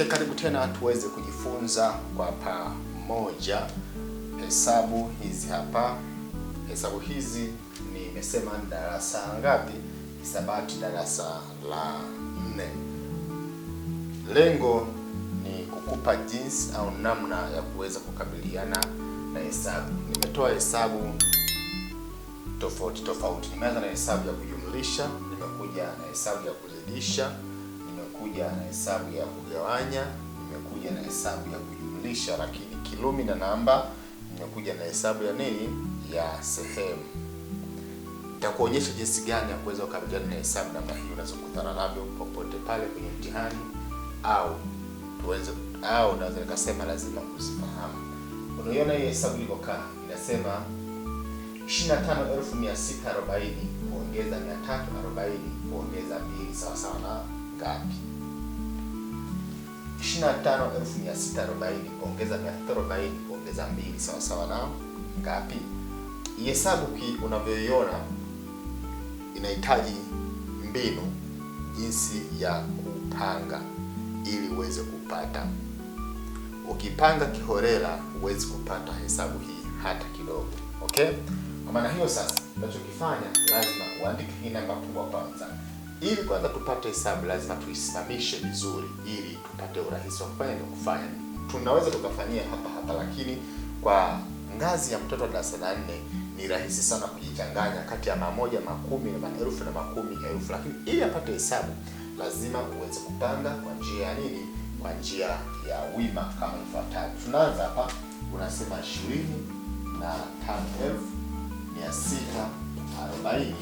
Okay, karibu tena tuweze kujifunza kwa pamoja hesabu hizi hapa. Hesabu hizi nimesema ni darasa ngapi? Hisabati darasa la nne. Lengo ni kukupa jinsi au namna ya kuweza kukabiliana na hesabu. Nimetoa hesabu tofauti tofauti. Nimeanza na hesabu ya kujumlisha, nimekuja na hesabu ya kuzidisha nimekuja na hesabu ya kugawanya, nimekuja na hesabu ya kujumlisha, lakini kilumi na namba nimekuja na hesabu ya nini, ya sehemu. Nitakuonyesha jinsi gani ya kuweza kukabiliana na hesabu namna hii unazokutana navyo popote pale kwenye mtihani, au tuweze au naweza nikasema lazima kuzifahamu. Unaiona hii hesabu iko kaa inasema 25640 kuongeza 340 kuongeza 2 sawa sawa na ngapi? 25640 kuongeza 340 kuongeza 2 sawa sawa na ngapi? Hesabu hii unavyoiona inahitaji mbinu jinsi ya kupanga ili uweze kupata. Ukipanga kihorela huwezi kupata hesabu hii hata kidogo. Okay? Kwa maana hiyo sasa, unachokifanya lazima uandike hii namba kubwa kwanza. Ili kwanza tupate hesabu lazima tuisimamishe vizuri, ili tupate urahisi wa kufanya na kufanya. Tunaweza tukafanyia hapa hapa, lakini kwa ngazi ya mtoto wa darasa la nne ni rahisi sana kujichanganya kati ya mamoja, makumi na maelfu na makumi elfu, lakini ili apate hesabu lazima uweze kupanga kwa njia ya nini? Kwa njia ya wima kama ifuatavyo. Tunaanza hapa, unasema ishirini na tano elfu mia sita arobaini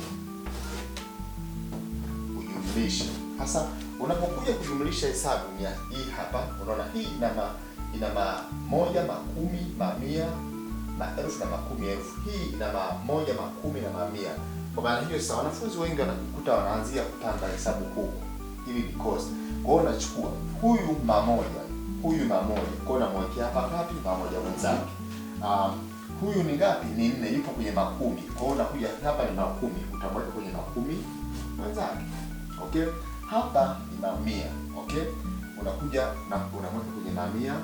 kujumlisha. Hasa unapokuja kujumlisha hesabu ni hii hapa, unaona hii ina ma, ina ma moja makumi mamia na elfu na makumi elfu, hii ina ma moja makumi na mamia. Kwa maana hiyo sasa, wanafunzi wengi wanakuta wanaanzia kupanda hesabu huko hivi because, kwa hiyo unachukua huyu mamoja, huyu mamoja, kwa hiyo unamwekea hapa ngapi mamoja mwenzake um, huyu ni ngapi? Ni nne, yupo kwenye makumi. Kwa hiyo unakuja hapa ni makumi, utamweka kwenye makumi mwenzake. Okay, hapa ni mamia. Okay, unakuja na unamweka kwenye mamia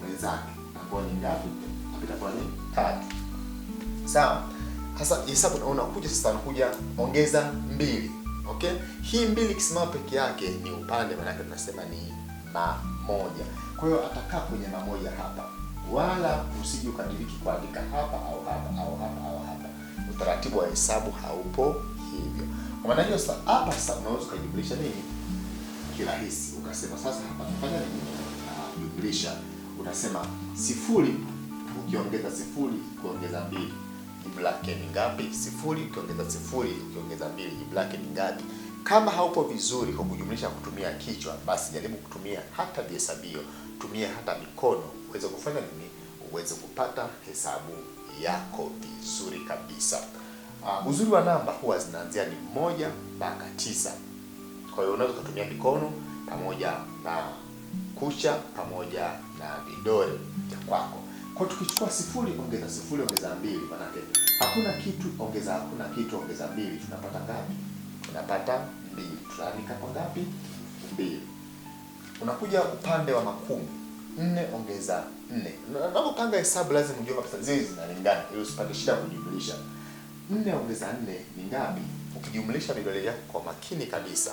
mwenzake ambao ni ngapi? Itakuwa ni tatu. Sawa. Sasa hesabu unakuja sasa, unakuja ongeza mbili. Okay, hii mbili ikisimama peke yake ni upande, maana tunasema ni mamoja. Kwa hiyo atakaa kwenye mamoja hapa, wala usije ukadiriki kuandika hapa au hapa au hapa au hapa. Utaratibu wa hesabu haupo kwa maana hiyo hapa sasa unaweza kujumlisha nini kirahisi, ukasema sasa hapa fanya nini, jumlisha. Unasema sifuri ukiongeza sifuri kuongeza mbili jumla ni ngapi? Sifuri ukiongeza sifuri ukiongeza mbili jumla ni ngapi? Kama haupo vizuri kwa kujumlisha kutumia kichwa, basi jaribu kutumia hata vihesabio, tumia hata mikono uweze kufanya nini, uweze kupata hesabu yako vizuri kabisa. Uh, uzuri wa namba huwa zinaanzia ni moja mpaka tisa. Kwa hiyo unaweza kutumia mikono pamoja na kucha pamoja na vidole vya kwako. Kwa tukichukua sifuri ongeza sifuri ongeza mbili, manake hakuna kitu ongeza hakuna kitu ongeza mbili tunapata ngapi? Tunapata mbili. Tunaandika kwa ngapi? Mbili. Unakuja upande wa makumi, nne ongeza nne. Unapopanga hesabu lazima ujue kabisa zizi zinalingana ili usipate shida kujumlisha nne ongeza nne ni ngapi? Ukijumlisha vidole vyako kwa makini kabisa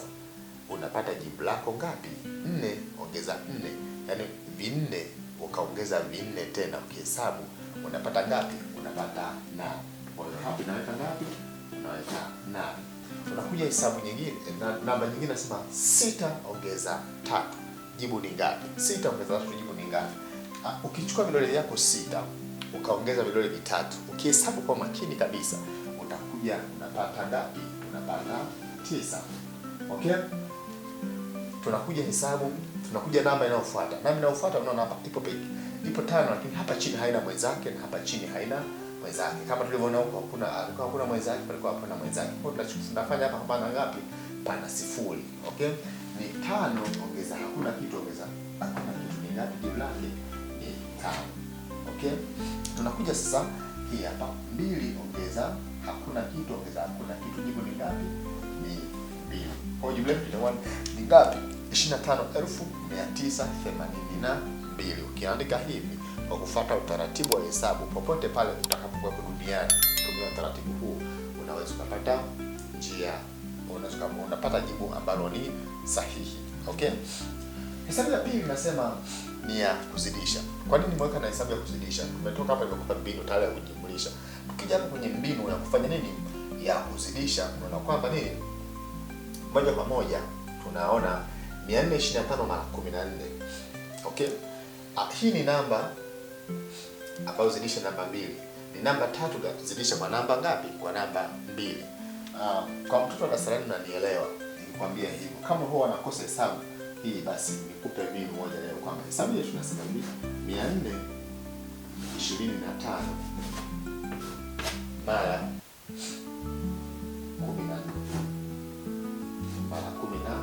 unapata jibu lako ngapi? Nne ongeza nne, yaani vinne ukaongeza vinne tena, ukihesabu unapata ngapi? Unapata na. Kwa hiyo hapo inaweka ngapi? Unaweka na. Unakuja hesabu nyingine, namba nyingine nasema sita ongeza tatu, jibu ni ngapi? Sita ongeza tatu, jibu ni ngapi? Ah, ukichukua vidole vyako sita ukaongeza vidole vitatu, ukihesabu kwa makini kabisa kuja unapata ngapi? Unapata tisa. Okay, tunakuja hesabu, tunakuja namba inayofuata. Namba inayofuata unaona hapa ipo peki, ipo tano, lakini hapa chini haina mwenzake na hapa chini haina mwenzake. Kama tulivyoona huko hakuna alikuwa hakuna mwenzake, palikuwa hapo na mwenzake. Kwa hiyo tunafanya hapa hapana ngapi? Pana sifuri. Okay, ni tano ongeza hakuna kitu, ongeza hakuna kitu ni ngapi? Jibu lake ni tano. Okay, tunakuja sasa hii hapa mbili ongeza hakuna kitu, ongeza hakuna kitu, jibu ni ngapi? Ni mbili. Kwa hiyo jibu letu one ni ngapi? 25982. Ukiandika hivi kwa kufuata utaratibu wa hesabu, popote pale utakapokuwa duniani, tumia utaratibu huu, unaweza kupata njia, unaweza unapata jibu ambalo ni sahihi. Okay, hesabu ya pili nasema ni ya kuzidisha. Kwa nini nimeweka na hesabu ya kuzidisha? Tumetoka hapa, nimekupa mbinu tayari ya kujumlisha ukija kwenye mbinu ya kufanya nini ya kuzidisha, unaona kwamba nini moja kwa moja tunaona 425 mara 14. Okay, ah, hii ni namba ambayo zidisha namba mbili ni namba tatu zidisha kwa namba ngapi? Kwa namba mbili. Uh, kwa mtoto wa darasa la unanielewa nikwambia hivyo. Kama huwa anakosa hesabu hii, basi nikupe mbinu moja leo kwamba hesabu yetu tunasema 425 mara kumi na mara kumi na.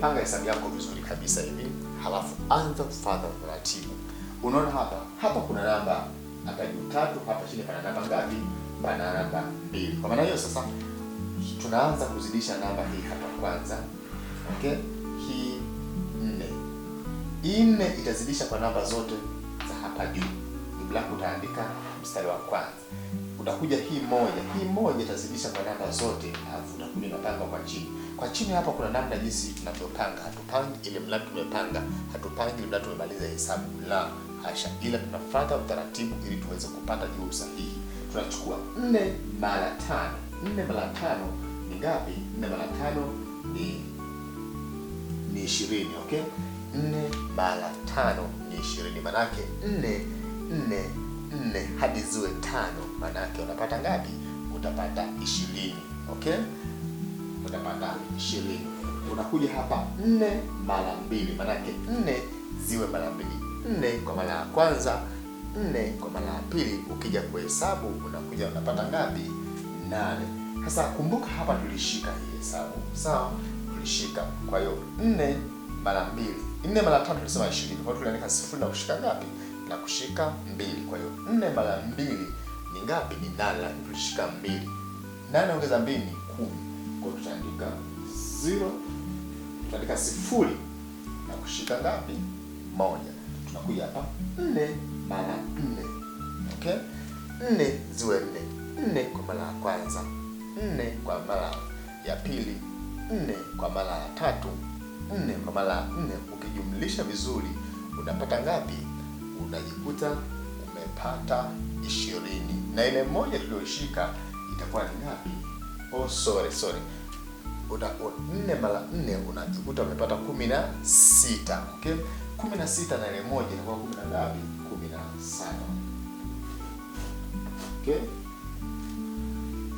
Panga hesabu yako vizuri kabisa hivi, halafu anza kufata utaratibu. Unaona hapa hapa kuna namba hapa juu tatu, hapa chini pana namba ngapi? Pana namba mbili. Kwa maana hiyo sasa tunaanza kuzidisha namba hii hapa kwanza, okay? Hii nne nne itazidisha kwa namba zote za hapa juu, blaku utaandika mstari wa kwanza utakuja hii moja hii moja itazidisha kwa namna zote, alafu utakuja unapanga kwa chini. Kwa chini hapa kuna namna jinsi tunavyopanga. Hatupangi ile mradi tumepanga, hatupangi ile mradi tumemaliza hesabu, la hasha, ila tunafuata utaratibu ili tuweze kupata jibu sahihi. Tunachukua nne mara tano. Nne mara tano ni ngapi? Nne mara tano ni ni ishirini. Okay, nne mara tano ni ishirini, maanake nne nne nne hadi ziwe tano, maanaake unapata ngapi? Utapata ishirini. Okay, utapata ishirini. Unakuja hapa nne mara mbili, maana nne ziwe mara mbili, nne kwa mara ya kwanza, nne kwa mara ya pili. Ukija kuhesabu unakuja unapata ngapi? Nane. Sasa kumbuka hapa tulishika hii hesabu, sawa? Tulishika, kwa hiyo nne mara mbili, nne mara tatu tulisema ishirini, kwa hiyo tuliandika sifuri na kushika ngapi? na kushika mbili. Kwa hiyo nne mara mbili ni ngapi? Ni nane, lakini tulishika mbili. Nane ongeza mbili ni kumi. Kwa hiyo tutaandika zero, tutaandika sifuri na kushika ngapi? Moja. Tunakuja hapa nne mara nne. Okay, nne ziwe nne, nne kwa mara ya kwanza, nne kwa mara ya pili, nne kwa mara ya tatu, nne kwa mara ya nne, ukijumlisha vizuri unapata ngapi? unajikuta umepata ishirini na ile moja tuliyoishika itakuwa ni ngapi? Oh, sorry sorry, una nne mara nne unajikuta umepata kumi na sita. Okay, kumi na sita na ile moja inakuwa kumi na ngapi? Kumi na saba. Okay,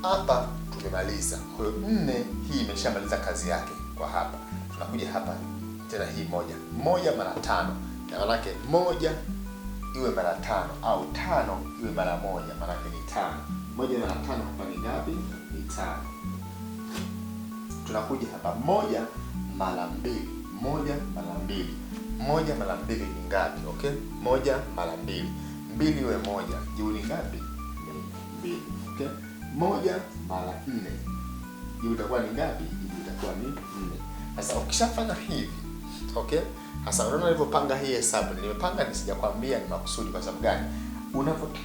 hapa tumemaliza. Kwa nne hii imeshamaliza kazi yake kwa hapa. Tunakuja hapa tena, hii moja moja mara tano na maanake moja iwe mara tano au tano iwe mara moja, maanake ni tano. Moja mara tano hapa ni ngapi? Ni tano. Tunakuja hapa moja mara mbili, moja mara mbili, moja mara mbili ni ngapi? Okay, moja mara mbili, mbili iwe moja, juu ni ngapi? Mbili. Okay, moja mara nne, juu itakuwa ni ngapi? Jibu itakuwa ni nne. Sasa ukishafanya hivi okay sasa unaona nilivyopanga hii hesabu, nimepanga nisijakwambia ni makusudi. Kwa sababu gani?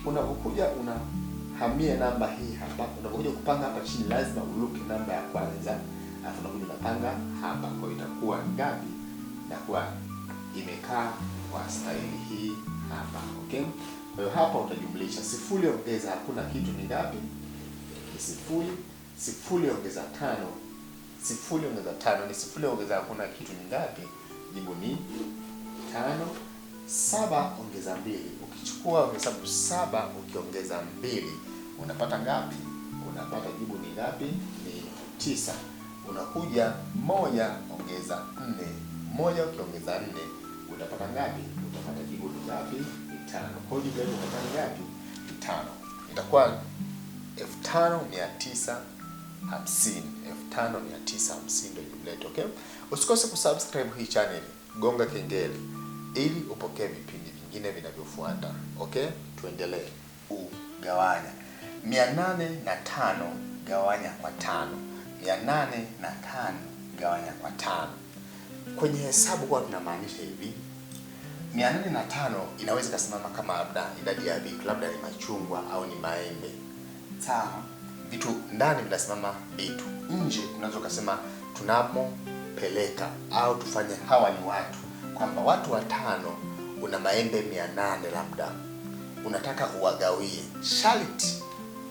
Unapokuja unahamia namba hii hapa, unapokuja kupanga hapa chini, lazima uruke namba ya kwanza, alafu unakuja unapanga hapa. Kwa hiyo itakuwa ngapi? Itakuwa imekaa kwa staili hii hapa, okay. Kwa hiyo hapa utajumlisha sifuri ongeza hakuna kitu ni ngapi? Ni sifuri. Sifuri ongeza tano, sifuri ongeza tano ni sifuri, ongeza hakuna kitu ni ngapi? Jibu ni tano. Saba ongeza mbili, ukichukua umehesabu saba ukiongeza mbili unapata ngapi? Unapata jibu ni ngapi? Ni tisa. Unakuja moja ongeza nne, moja ukiongeza nne utapata ngapi? Utapata jibu ni ngapi? Ni tano. Kwa hiyo jibu utapata ngapi? Ni tano. Itakuwa elfu tano mia tisa hamsini. Elfu tano mia tisa hamsini ndio jibu letu, okay? Usikose kusubscribe hii channel, gonga kengele ili upokee vipindi vingine vinavyofuata. Okay, tuendelee. Ugawanya mia nane na tano gawanya kwa tano. Mia nane na tano gawanya kwa tano. Kwenye hesabu huwa tunamaanisha hivi, mia nane na tano inaweza ikasimama kama labda idadi ya vitu, labda ni machungwa au ni maembe, sawa. Vitu ndani vinasimama vitu, nje tunaweza ukasema tunamo peleka au tufanye hawa ni watu kwamba watu watano, una maembe mia nane labda unataka uwagawie. Sharti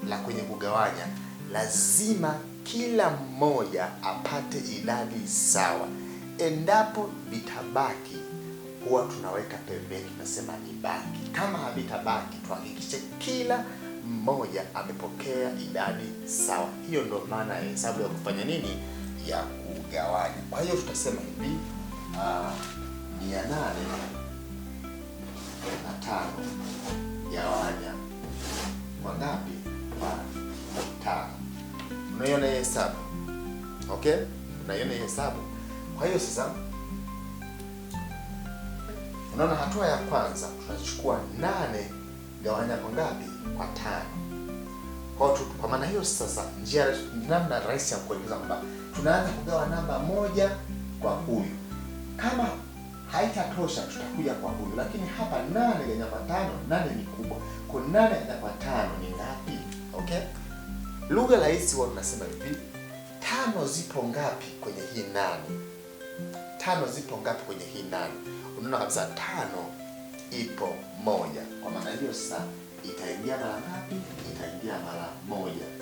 la kwenye kugawanya, lazima kila mmoja apate idadi sawa. Endapo vitabaki, huwa tunaweka pembeni, tunasema ni baki Kama havitabaki, tuhakikishe kila mmoja amepokea idadi sawa. Hiyo ndio maana ya hesabu ya kufanya nini ya kugawanya. Kwa hiyo tutasema hivi uh, mia nane na tano gawanya kwa ngapi? Kwa tano. Unaiona hii hesabu okay? Unaiona hii hesabu. Kwa hiyo sasa unaona hatua ya kwanza tunachukua nane gawanya kwa ngapi? Kwa tano. Kwa, kwa maana hiyo sasa njia namna rahisi ya kueleza kwamba tunaanza kugawa namba moja kwa huyu. Kama haitatosha tutakuja kwa huyu, lakini hapa nane ya namba tano, nane ni kubwa, kwa nane ya namba tano ni ngapi? Okay, lugha rahisi huwa tunasema hivi, tano zipo ngapi kwenye hii nane? Tano zipo ngapi kwenye hii nane? Unaona kabisa tano ipo moja, kwa maana hiyo sasa itaingia mara ngapi? Itaingia mara moja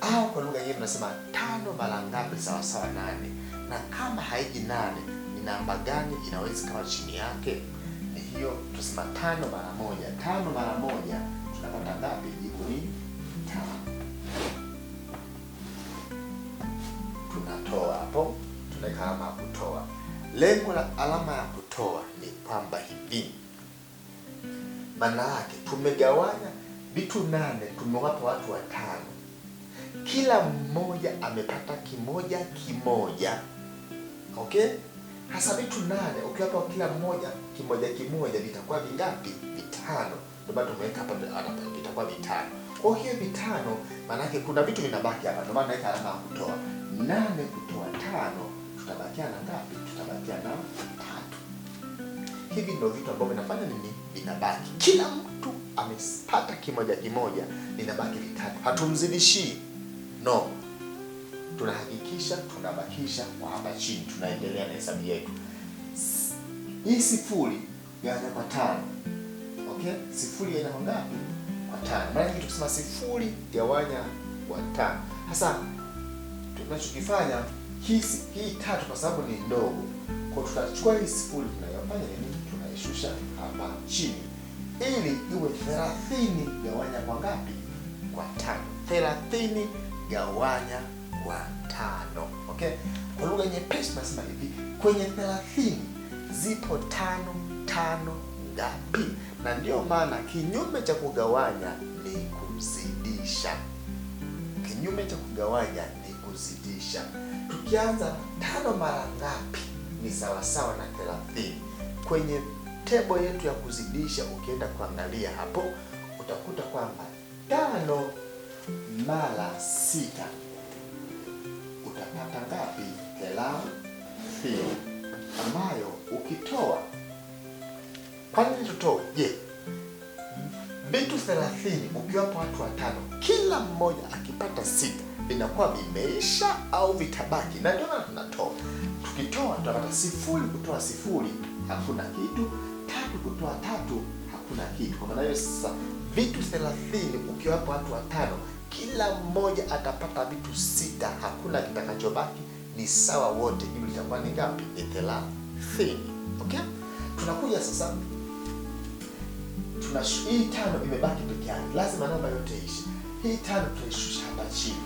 au kwa lugha nyingine tunasema tano mara ngapi sawa sawa nane? Na kama haiji nane, ni namba gani inaweza kawa chini yake? Ni hiyo tunasema tano mara moja. Tano mara moja tunapata ngapi? Jibu ni tano. Tunatoa hapo, tunaweka alama ya kutoa. Lengo la alama ya kutoa ni kwamba hivi, maana yake tumegawanya vitu nane, tumewapa watu watano kila mmoja amepata kimoja kimoja, okay? Hasa vitu nane, ukiwapa kila mmoja kimoja kimoja vitakuwa vingapi? Vitano. Ndio tumeweka hapa vitakuwa vitano. Kwa hiyo vitano, maanake kuna vitu vinabaki hapa, ndomana naweka alama ya kutoa. Nane kutoa tano, tutabakia na ngapi? Tutabakia na tatu. Hivi ndio vitu ambavyo vinafanya nini? Vinabaki. Kila mtu amepata kimoja kimoja, vinabaki vitatu, hatumzidishii No, tunahakikisha tunabakisha kwa hapa chini, tunaendelea na hesabu yetu. Hii sifuri gawanya kwa tano. Okay, sifuri ina kwa ngapi? Kwa tano. Maana kitu kusema sifuri gawanya kwa tano. Sasa tunachokifanya hii hii tatu kwa sababu ni ndogo, kwa tutachukua hii sifuri tunayofanya ni Tunaishusha hapa chini ili iwe 30 gawanya kwa ngapi? Kwa tano. 30 gawanya kwa tano. Okay, kwa lugha nyepesi nasema hivi, kwenye thelathini zipo tano tano ngapi? Na ndiyo maana kinyume cha kugawanya ni kuzidisha. Kinyume cha kugawanya ni kuzidisha. Tukianza tano mara ngapi ni sawasawa na thelathini. Kwenye tebo yetu ya kuzidisha, ukienda kuangalia hapo utakuta kwamba tano mara sita utapata ngapi? Hela hiyo ambayo ukitoa. Kwa nini tutoe? Je, vitu thelathini ukiwapo watu watano, kila mmoja akipata sita vinakuwa vimeisha au vitabaki? Na ndio maana tunatoa. Tukitoa tutapata sifuri kutoa sifuri, hakuna kitu. Tatu kutoa tatu, hakuna kitu. Kwa maana hiyo sasa, vitu thelathini ukiwapo watu watano kila mmoja atapata vitu sita, hakuna kitakachobaki, ni sawa wote. Hilo litakuwa ni ngapi? Okay, tunakuja sasa, hii tano imebaki peke yake, lazima namba yote ishi. Hii tano tunaishusha hapa chini,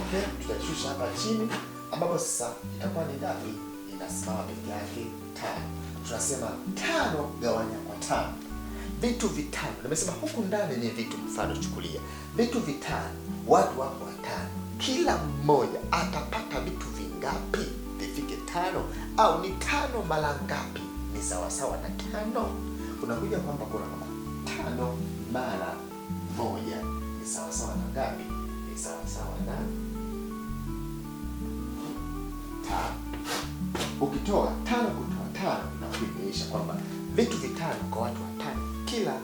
okay, tutaishusha hapa chini, ambapo sasa itakuwa ni ngapi? Inasimama peke yake, tano. Tunasema tano gawanya kwa tano vitu vitano, nimesema huku ndani ni vitu, mfano chukulia vitu vitano, watu wako watano, kila mmoja atapata vitu vingapi? Vifike tano, au ni tano mara ngapi? Ni sawasawa na tano. Unakuja kwamba kuna tano mara moja ni sawasawa na ngapi? Ni sawasawa na Ukitoa tano kutoa tano, inakuwa kwamba vitu vitano kwa watu kila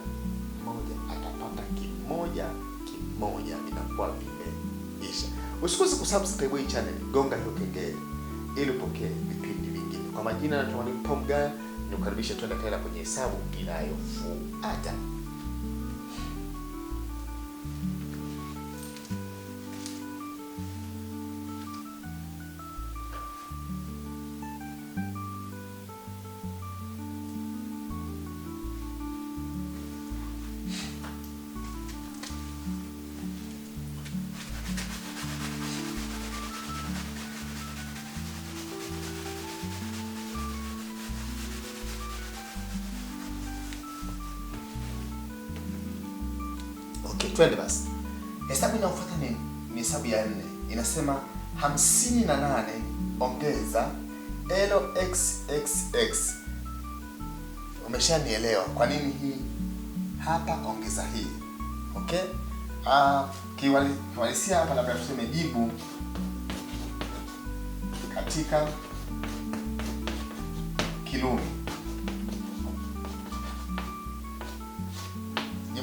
mmoja atapata kimoja kimoja, inakuwa vimeisha. Usikose kusubscribe hii channel, gonga hiyo kengele ili upokee vipindi vingine. Kwa majina, natumani pomga ni nikukaribisha tuende tena kwenye hesabu inayofuata. twende basi. Hesabu inayofuata ni ni hesabu ya nne, inasema hamsini na nane ongeza x. Umeshanielewa kwa nini hii hapa ongeza hii, okay? Ah, kiwalisia hapa labda tuseme jibu katika kilumi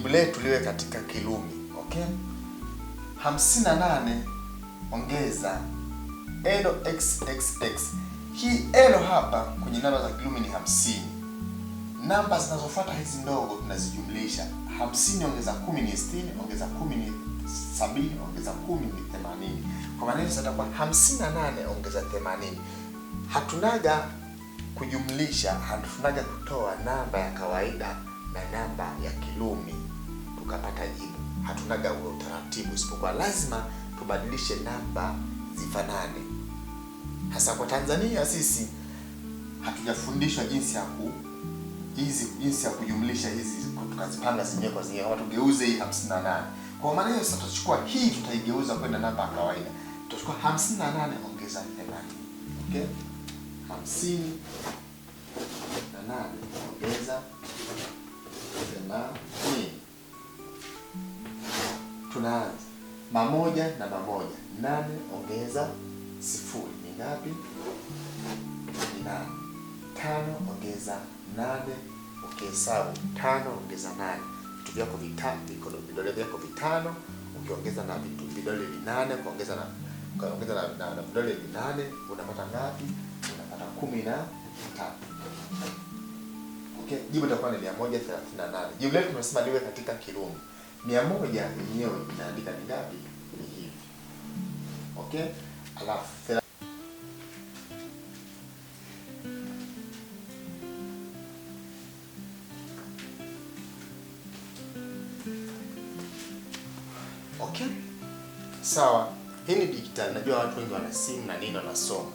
jibu letu liwe katika kilumi okay? hamsini na nane ongeza LXXX. Hii elo hapa kwenye namba za kilumi ni hamsini. Namba zinazofuata hizi ndogo tunazijumlisha, hamsini ongeza kumi ni sitini, ongeza kumi ni sabini, ongeza kumi ni themanini. Kwa maana hiyo itakuwa hamsini na nane ongeza themanini. Hatunaga kujumlisha, hatunaga kutoa namba ya kawaida na namba ya kilumi tukapata jibu. Hatunaga huo utaratibu, isipokuwa lazima tubadilishe namba zifanane. Hasa kwa Tanzania sisi hatujafundishwa jinsi ya ku hizi jinsi ya kujumlisha hizi tukazipanga zenyewe kwa zenyewe, kama tugeuze hii 58 kwa maana hiyo. Sasa tutachukua hii tutaigeuza kwenda namba ya kawaida, tutachukua 58 ongeza 80. Okay, mamoja na mamoja, nane ongeza sifuri ni ngapi? Ni nane. Tano ongeza nane ukihesabu, okay, tano ongeza nane vitu vyako vitano, vidole vyako vitano ukiongeza na vitu vidole vinane ukaongeza na ukaongeza na, na, na vidole vinane unapata ngapi? Unapata kumi na tatu. Okay, jibu litakuwa ni nane Jibu letu tumesema liwe katika kirungu mia moja yenyewe inaandika ni ngapi? Ni hivi, okay. Alafu okay, sawa. Hii ni digital, najua watu wengi wana simu na nini wanasoma.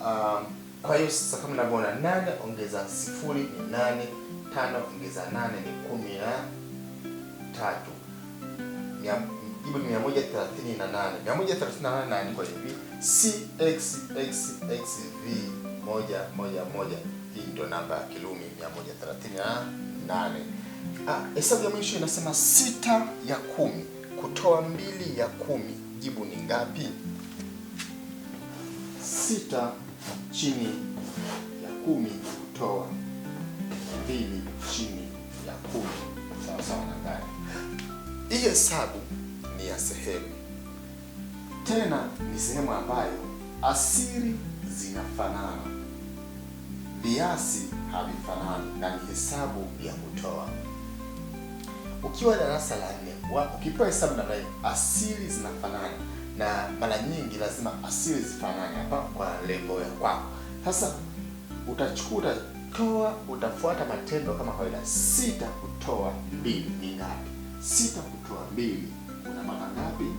Um, kwa hiyo sasa kama unavyoona nane ongeza sifuri ni nane, tano ongeza nane ni kumi na tatu jibu ni 138. 138 kwa hivi CXXXV 111. Hii ndio namba ya kilumi 138. Ah, hesabu ya mwisho inasema sita ya kumi kutoa mbili ya kumi, jibu ni ngapi? Sita chini ya kumi kutoa mbili chini ya kumi sawa sawa na ngapi? Hii hesabu katika sehemu tena, ni sehemu ambayo asili zinafanana, viasi havifanani na ni hesabu ya kutoa. Ukiwa darasa la nne, ukipewa hesabu na hiyo, asili zinafanana na mara nyingi lazima asili zifanane hapa kwa lengo ya kwako. Sasa utachukua utatoa, utafuata matendo kama kawaida. Sita kutoa mbili ni ngapi? Sita kutoa mbili una unabaka ngapi?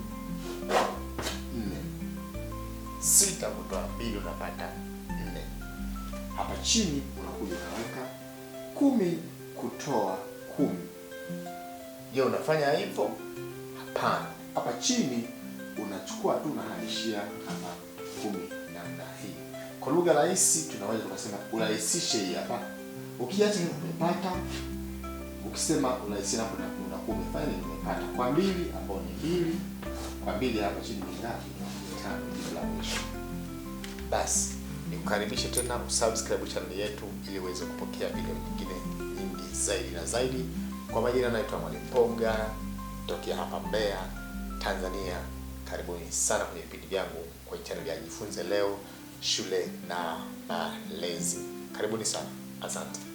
Nne. Sita kutoa mbili unapata nne. Hapa chini unakuja unaweka kumi kutoa kumi. Je, unafanya hivyo? Hapana. Hapa chini unachukua tu unahalishia kama kumi namna hii. Kwa lugha rahisi tunaweza tukasema urahisishe hii hapa. Ukiacha hivi umepata, ukisema urahisishe hapo na umefanya nimepata kwa mbili ambao ni mbili kwa mbili hapo chini ni ngapi? la mwisho. Basi nikukaribishe tena usubscribe channel yetu ili uweze kupokea video nyingine nyingi zaidi na zaidi. Kwa majina naitwa Mwalimu Ponga tokea hapa Mbeya, Tanzania. Karibuni sana kwenye vipindi vyangu kwenye channel ya Jifunze Leo, shule na malezi. Karibuni sana, asante.